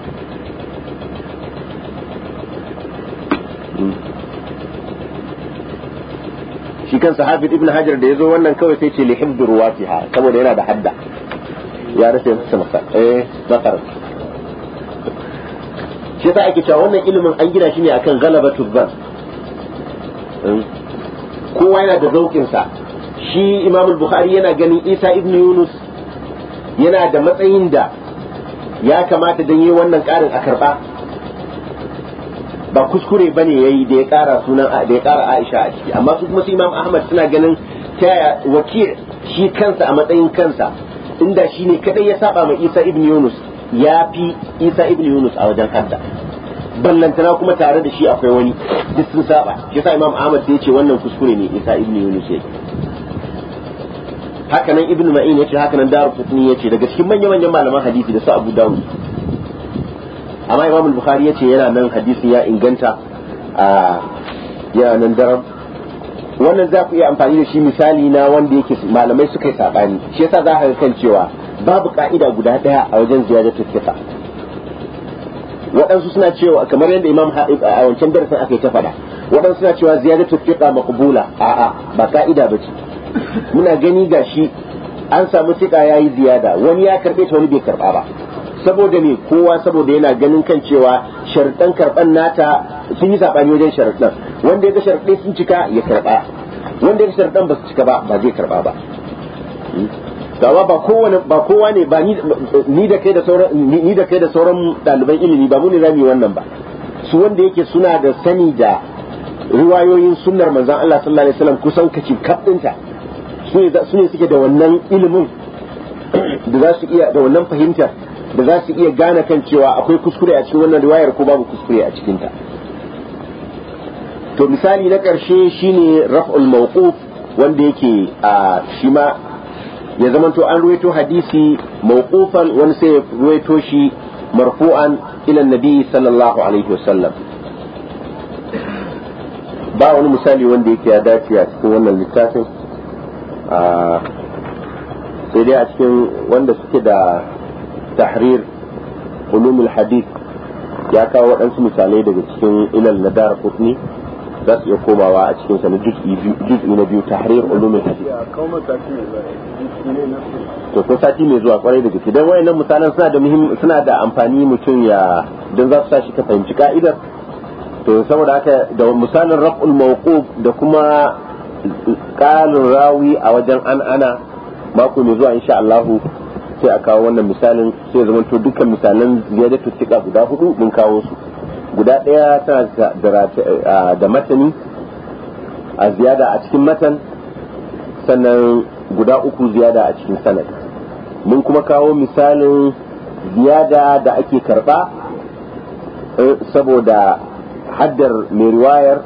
shi kansa hafiz ibn hajar da yazo wannan kawai sai ce li hibdu ruwatiha saboda yana da hadda ya rasa masa eh bakar shi ta ake cewa wannan ilimin an gina shi ne akan Galaba Tubban. Hmm? kowa yana da zaukin sa shi imamul bukhari yana ganin isa ibn yunus yana da matsayin da ya kamata don yi wannan karin a karba ba kuskure bane yayi da ya kara sunan da ya kara aisha a ciki amma su kuma su imam ahmad suna ganin ta wakil shi kansa a matsayin kansa inda shi ne kadai ya saba ma isa ibn yunus ya fi isa ibn yunus a wajen kansa ballantana kuma tare da shi akwai wani duk sun saba shi sa imam ahmad sai ce wannan kuskure ne isa ibn yunus yake haka nan ibn ma'in yace haka nan daru ya yace daga cikin manyan manyan malaman hadisi da su abu dawud amma imam al-bukhari yace yana nan hadisi ya inganta a yana nan daram wannan za ku iya amfani da shi misali na wanda yake malamai suka yi sabani shi yasa za ka kan cewa babu ka'ida guda daya a wajen ziyaratu thiqa waɗansu suna cewa kamar yadda imam a wancan darasin aka yi ta faɗa waɗansu suna cewa ziyadatu thiqa makubula a'a ba ka'ida bace muna gani gashi an samu ya yayi ziyada wani ya karbe ta wani bai karba ba saboda ne kowa saboda yana ganin kan cewa sharuɗan karɓan nata sun yi saɓani wajen sharuɗan wanda ya ga sharuɗai sun cika ya karɓa wanda ya ga sharuɗan ba su cika ba ba zai karɓa ba hmm? gawa ba kowane ba kowa ne ba ni da kai da sauran ni da kai da sauran daliban ilimi ba mu ne zamu yi wannan ba su wanda yake suna da sani da riwayoyin sunnar manzon Allah sallallahu alaihi wasallam kusan kaci kaddinta su ne su ne suke da wannan ilimin da za su iya da wannan fahimtar da za su iya gane kan cewa akwai kuskure a cikin wannan riwayar ko babu kuskure a cikin ta to misali na karshe shine raf'ul mawquf wanda yake a shi ma ya zamanto an ruwaito hadisi mawqufan wani sai ya ruwaito shi marfu'an ila nabi sallallahu alaihi wasallam ba wani misali wanda yake ya dace a cikin wannan littafin sai dai a cikin wanda suke da tahrir ulumul hadith ya kawo waɗansu misalai daga cikin ilal na kutni za su iya komawa a cikin sa na juz'i na biyu tahrir ulumul hadith to ko sati mai zuwa kwarai da gaske dan wayannan misalan suna da muhim suna da amfani mutum ya dan za su sa shi ka fahimci ka'idar to saboda haka da misalin raf'ul mawquf da kuma qalin rawi a wajen an ana mako mai zuwa insha allahu sai a kawo wannan misalin sai zama to dukkan misalan ziyadatu tika guda hudu mun kawo su guda ɗaya tana da matani a ziyada a cikin matan sannan guda uku ziyada a cikin sanad mun kuma kawo misalin ziyada da ake karba eh, saboda haddar mai riwayar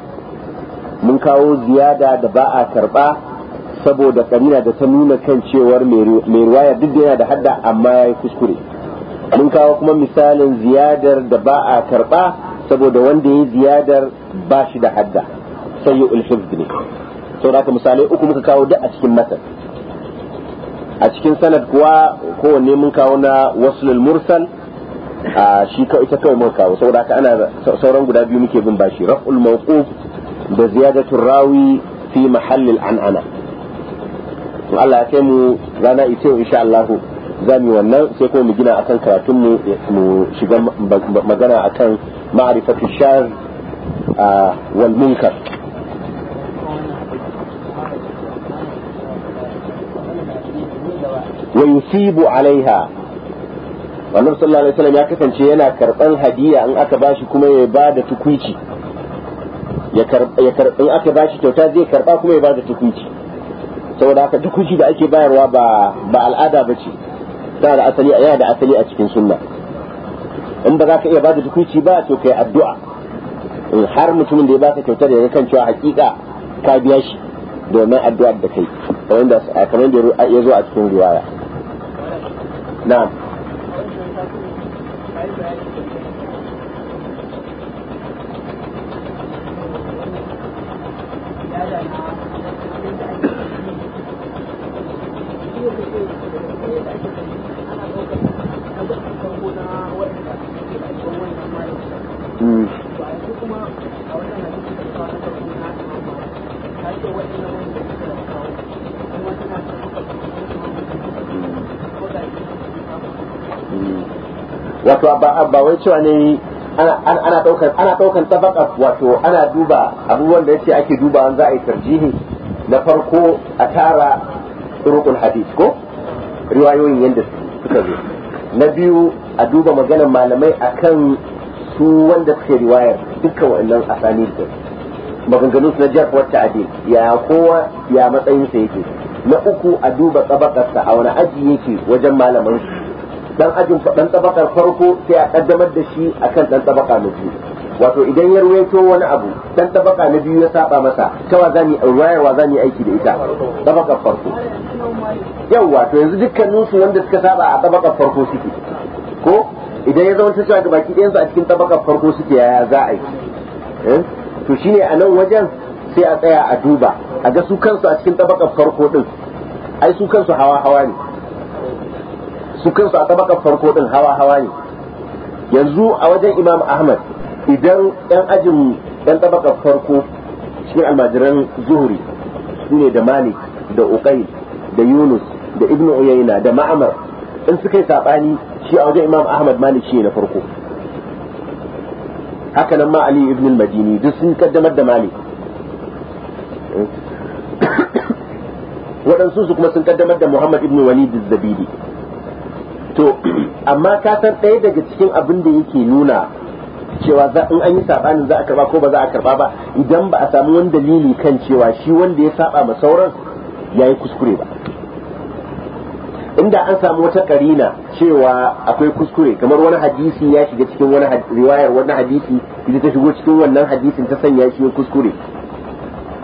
mun kawo ziyada da ba a karba saboda karina da ta nuna kan cewar mai riwayar duk yana da hadda amma ya yi kuskure mun kawo kuma misalin ziyadar da ba a karba saboda wanda ya ziyadar ba shi da hadda sai yi ulhifz ne saboda misalai uku muka kawo duk a cikin masar a cikin sanad kuwa kowanne mun kawo na wasulul mursal a shi ka ita kawai muka kawo saboda ana sauran guda biyu muke bin bashi raf'ul mawquf da ziyadatul rawi fi mahallil an'ana to Allah ya kai mu rana ita yau insha Allah za mu wannan sai kuma mu gina akan karatun mu mu shiga magana akan معرفة الشاذ والمنكر ويثيب عليها wannan sallallahu alaihi wasallam ya kasance yana karban hadiya in aka bashi kuma ya bada tukuici ya in aka bashi kyauta zai karba kuma ya bada tukuici saboda haka tukuici da ake bayarwa ba ba al'ada bace tana da asali yana da asali a cikin sunna in ba za ka iya ba da tukuici ba to kai addu'a har mutumin da ya baka kyautar ya kan cewa hakika ka biya shi domin addu'a da kai kamar da kamar da ya zo a cikin riwaya na Thank you. wato ba wai cewa ne ana daukan ana daukan tabaka wato ana duba abubuwan da yake ake duba an za a yi tarjihi na farko a tara turuqul hadith ko riwayoyin yanda suka zo na biyu a duba maganar malamai akan su wanda suke riwayar dukkan wannan asani da maganganu na jar wata adil ya kowa ya matsayin sa yake na uku a duba tabakarsa a wani aji yake wajen malamansu. dan ajin dan tabakar farko sai a kaddamar da shi akan dan tabaka na biyu wato idan ya ruwaito wani abu dan tabaka na biyu ya saba masa cewa zani ruwayarwa zani aiki da ita tabakar farko yau wato yanzu dukkanin su wanda suka saba a tabakar farko suke ko idan ya zama cewa baki ɗayan su a cikin tabakar farko suke yaya za a yi eh? to shine a nan wajen sai a tsaya a duba a ga su kansu a cikin tabakar farko din ai su kansu hawa hawa ne su kansu a tabakar farko din hawa hawa ne yanzu a wajen imam ahmad idan yan ajin yan tabakar farko cikin almajiran zuhuri su ne da malik da uqayl da yunus da ibn uyayna da ma'amar in suka yi sabani shi a wajen imam ahmad malik shi ne na farko haka nan ma ali ibn al-madini duk sun kaddamar da malik waɗansu su kuma sun kaddamar da muhammad ibn walid al zabidi to amma ka san ɗaya daga cikin abin da yake nuna cewa za in an yi sabanin za a karba ko ba za a karba ba idan ba a samu wani dalili kan cewa shi wanda ya saba ma sauran yi kuskure ba inda an samu wata karina cewa akwai kuskure kamar wani hadisi ya shiga cikin wani riwayar wani hadisi ita ta shigo cikin wannan hadisin ta sanya shi kuskure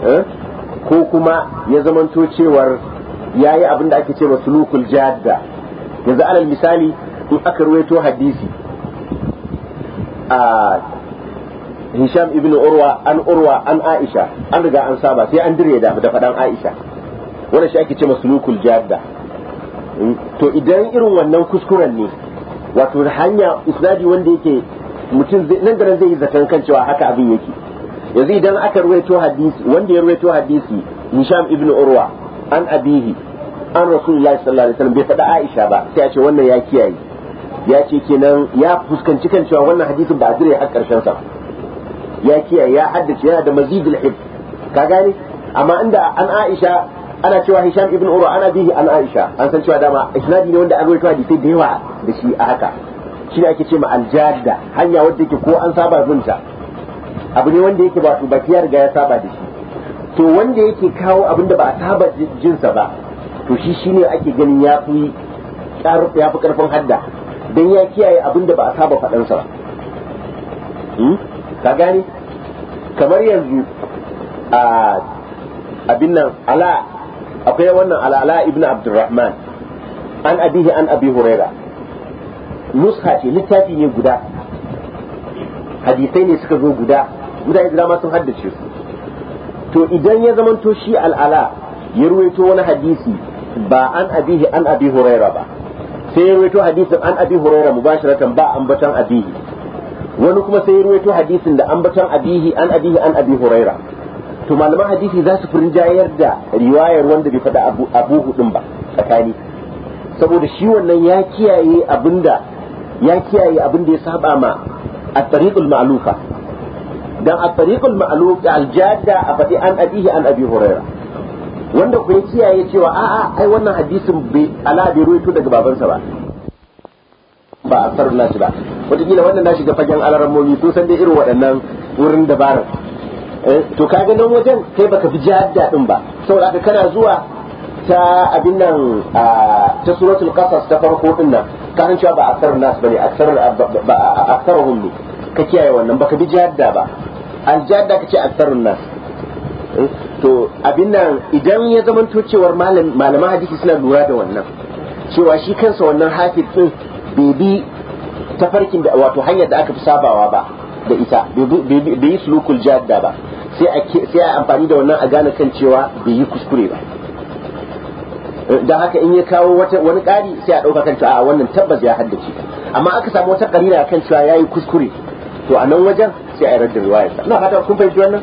eh? ko kuma ya zamanto cewar yayi abin da ake cewa sulukul jadda yanzu alal misali in aka ruwaito hadisi a hisham ibn urwa an urwa an aisha an riga an saba sai an dire da da fadan aisha wannan shi ake ce masulukul jadda hmm? to idan irin wannan kuskuren ne wato hanya isnadi wanda yake mutum nan da nan zai yi zaton kan cewa haka abin yake yanzu idan aka ruwaito hadisi wanda ya ruwaito hadisi hisham ibn urwa an abihi an rasulullah sallallahu alaihi wasallam bai faɗa Aisha ba sai ya ce wannan ya kiyaye ya ce kenan ya fuskanci kan cewa wannan hadisin ba a jira har karshen sa ya kiyaye ya haddace yana da mazidul hib ka gane amma inda an Aisha ana cewa Hisham ibn Urwa ana bihi an Aisha an san cewa dama isnadi ne wanda an rawaito hadisi da yawa da shi a haka shi ake ce ma aljadda hanya wadda yake ko an saba binta abu ne wanda yake ba bakiyar ga ya saba da shi to wanda yake kawo abin da ba a saba jinsa ba to shi shine ake ganin ya fi ya fi karfin hadda don ya kiyaye abin da ba a saba faɗansa ba hmm? ka gane kamar yanzu a abin nan ala akwai wannan ala ibn abdurrahman an abihi an abi huraira nuska ce littafi ne guda hadisai ne suka zo guda guda ya ma sun haddace su to idan ya zamanto shi al'ala ya ruwaito wani hadisi ba an abihi an abi huraira ba sai ya rawaito hadisin an abi huraira mubashiratan ba ambatan abihi wani kuma sai ya rawaito hadisin da ambatan abihi an abihi an abi huraira to malaman hadisi za su furjayar da riwayar wanda bai faɗa abu hudun ba tsakani saboda shi wannan ya kiyaye abinda ya kiyaye abinda ya saba ma a tariqul ma'lufa dan a tariqul ma'lufa al-jadda a faɗi an abihi an abi huraira wanda ku kiyaye cewa a'a ai wannan hadisin bai ala bai ruwaito daga babansa ba ba a sarar nashi ba wataƙila wannan na shiga fagen alarammomi sun san dai irin waɗannan wurin dabarar eh, to ga nan wajen kai baka fi jihar daɗin ba saboda ka kana zuwa ta abin nan ta suratul qasas ta farko din nan ka san cewa ba aksar nas bane aksar ba aksarhum ne ka kiyaye wannan baka bi jihar da ba al ce a aksarun nas eh, to abin nan idan ya zamanto cewar malaman hadisi suna lura da wannan cewa shi kansa wannan hafiz din bai bi tafarkin da wato hanyar da aka fi sabawa ba da ita bai yi sulukul jadda ba sai a amfani da wannan a gane kan cewa bai yi kuskure ba da haka in ya kawo wani ƙari sai a ɗauka kan cewa a wannan tabbas ya haddace amma aka samu wata karira kan cewa ya yi kuskure to a nan wajen sai a yi riwayar sa na fata kun fahimci wannan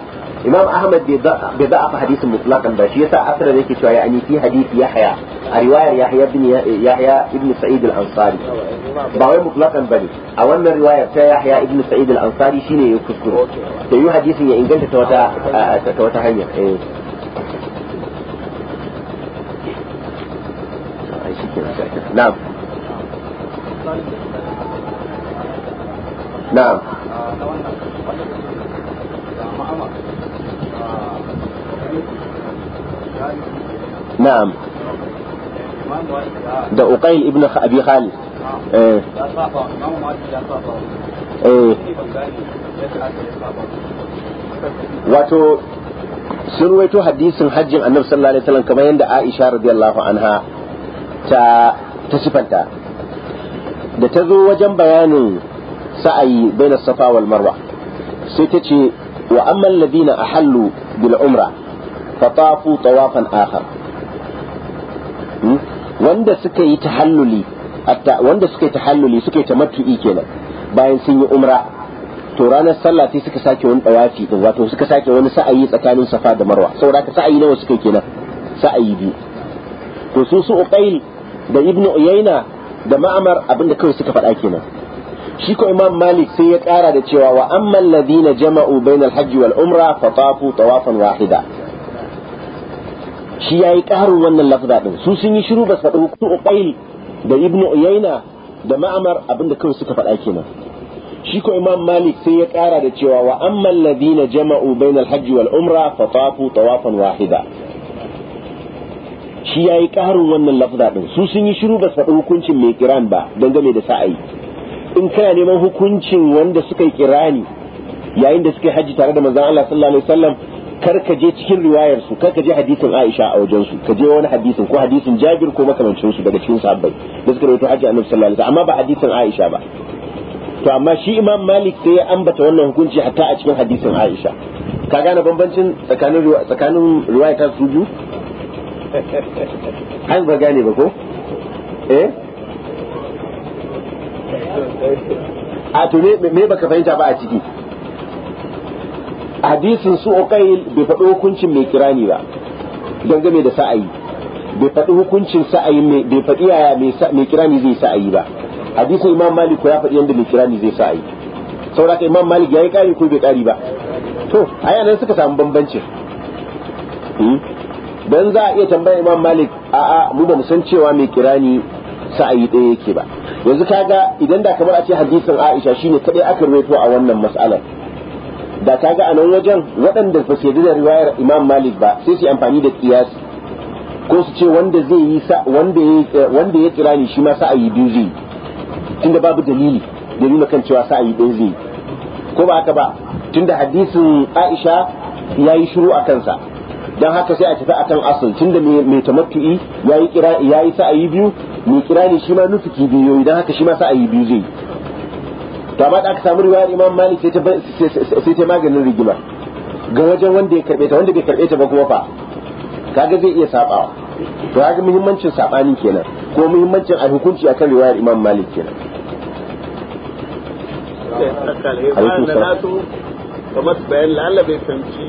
imam ahmad bai da afa hadisin mutlaqan ba shi yasa asra yake cewa yani fi hadisi yahya a riwayar yahya ibn yahya ibn sa'id al-ansari ba wai mutlaqan bane a wannan riwayar ta yahya ibn sa'id al-ansari shine ya kuskure da yi hadisin ya inganta ta wata ta wata hanya eh na'am na'am na'am da uqail ibn abi khalid wato sun ruwaito hadisin hajjin annabi sallallahu alaihi wasallam kamar yadda Aisha radiyallahu anha ta ta da ta zo wajen bayanin sa'ayi baina safa marwa sai ta ce wa amman ladina ahallu bil umra fatafu tawafan akhar hmm? wanda suka yi tahalluli wanda suka yi tahalluli suka yi tamattu'i kenan bayan sun yi umra to ranar sallah sai suka sake wani dawafi din wato suka sake wani sa'ayi tsakanin safa da marwa saboda ka sa'ayi nawa suka kenan sa'ayi biyu to su su uqail da ibnu uyayna da ma'amar abinda kawai suka faɗa kenan shi ko imam malik sai ya ƙara da cewa wa amman jama'u bainal hajji wal umra fafafu tawafu tawafan wahida shi yayi ƙarin wannan lafza din su sun yi shiru ba su faɗi hukun da ibnu uyaina da ma'amar abinda kawai suka faɗa kenan shi ko imam malik sai ya ƙara da cewa wa ammal ladina jama'u bainal hajji wal umra fa tafu tawafan wahida shi yayi ƙarin wannan lafza din su sun yi shiru ba su faɗi hukuncin mai kiran ba dangane da sa'ayi in kana neman hukuncin wanda suka yi kirani yayin da suka yi hajji tare da manzon Allah sallallahu alaihi wasallam kar ka je cikin riwayar su kar ka je hadisin Aisha a wajen su ka je wani hadisin ko hadisin Jabir ko makamancin su daga cikin sahabbai da suka rawaito hajji Annabi sallallahu alaihi wasallam amma ba hadisin Aisha ba to amma shi Imam Malik sai ya ambata wannan hukunci hatta a cikin hadisin Aisha ka gane bambancin tsakanin tsakanin riwaya ta su biyu an ba gane ba ko eh a to me baka fahimta ba a ciki hadisin su Okai bai faɗi hukuncin mai kirani ba dangane da sa'ayi bai faɗi hukuncin sa'ayi bai faɗi yaya mai kirani zai sa'ayi ba hadisin imam malik ya faɗi yadda mai kirani zai sa'ayi saboda ka imam malik yayi kari ko bai kari ba to aya nan suka samu bambanci hmm? dan za a iya tambaya imam malik a'a mu ba mu san cewa mai kirani sa'ayi ɗaya yake ba yanzu kaga idan da kamar a ce hadisin aisha shine kadai aka rawaito a wannan mas'alar da ta ga a nan wajen waɗanda ba su yarda da riwayar imam malik ba sai su amfani da kiyasi ko su ce wanda zai yi eh, wanda ya kira ni shi ma sa'ayi biyu zai yi tunda babu dalili dalilin kan cewa sa'ayi ɗaya zai yi ko ba haka ba tunda hadisin aisha ya yi shiru a kansa don haka sai a tafi akan asal tunda mai tamattu'i ya yi sa'ayi biyu mai kira ne shi ma nufuki biyu don haka shi ma sa'ayi biyu zai yi to amma da aka samu riwayar imam malik sai ta maganin rigima ga wajen wanda ya karbe ta wanda bai karbe ta ba kuma fa kaga zai iya sabawa to kaga muhimmancin sabani kenan ko muhimmancin a hukunci akan riwayar imam malik kenan alaikum salatu kamar bayan lalla bai fahimci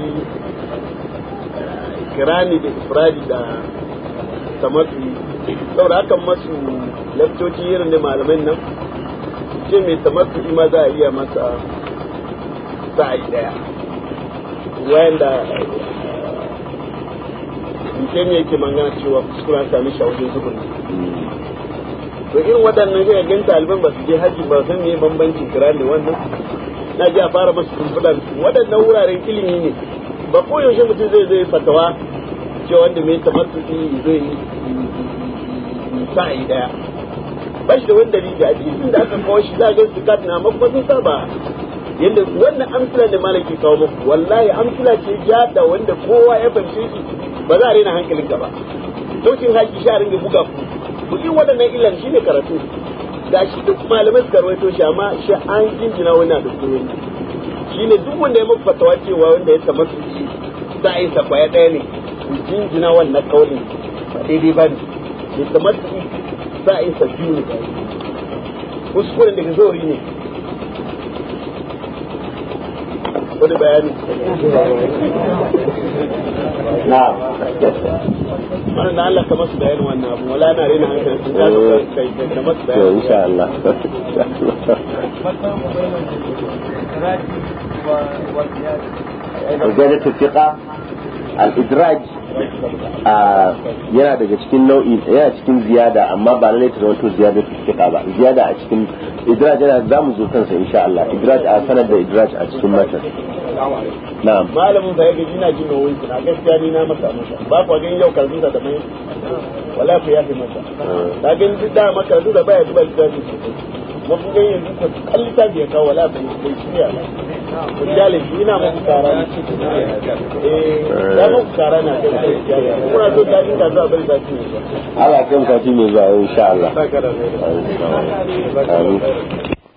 eh, kirani da ifradi da tamatsi saboda masu laftoci irin da malamai nan ce mai tamattu'i ma za a iya masa sa'i daya nke ne yake magana cewa kuskura sami shawarin zubin to irin waɗannan zai gan taliban ba su je hajji ba san me bambancin kiran da wannan na ji a fara masu kumfudan waɗannan wuraren ilimi ne ba ko yaushe mutum zai zai fatawa cewa wanda mai tamattu'i zai yi yi daya ba shi da wani dalili a cikin da aka kawo shi za a gansu kat na mafi sun saba yadda wannan amsila da malaki kawo maku wallahi amsila ce ya da wanda kowa ya fahimce shi ba za a rena hankalin ka ba dokin haki sha ringa buga ku ku yi waɗannan illan shi ne karatu da shi duk malamai suka rawaito shi amma shi an jinjina wani a dukkanin shi ne duk wanda ya muku fatawa cewa wanda ya sama su ci za a yi sa ɗaya ne ku jinjina wannan kawai ba daidai ba ne ya sama باقي سلفيني باقي وسكول اللي كزوريني قولي باقي نعم أنا نعلق كمس باقي وانا أبو ولا أنا رينا عن كنسيزان كمس باقي إن شاء الله مطمئن مبينة راجي وزيادة الثقة al-idraj yana daga cikin nau'i yana cikin ziyada amma ba lalle ta zama ziyada fiqh ba ziyada a cikin idraj yana zamu zo kansa insha Allah idraj a sanar da idraj a cikin matan na'am malamin sa yake ina jin nauyin sa gaskiya ni na masa masa ba ku gani yau kalmin da mai wala ya fi masa ah. da ganin da maka da baya duba idraj wasu dai yanzu ya kawo wala bai bai shirya ba ku jale shi ina muku kara eh ya muku kara na kan sai jale kuna so ta inda za bari za ki kan ka mai za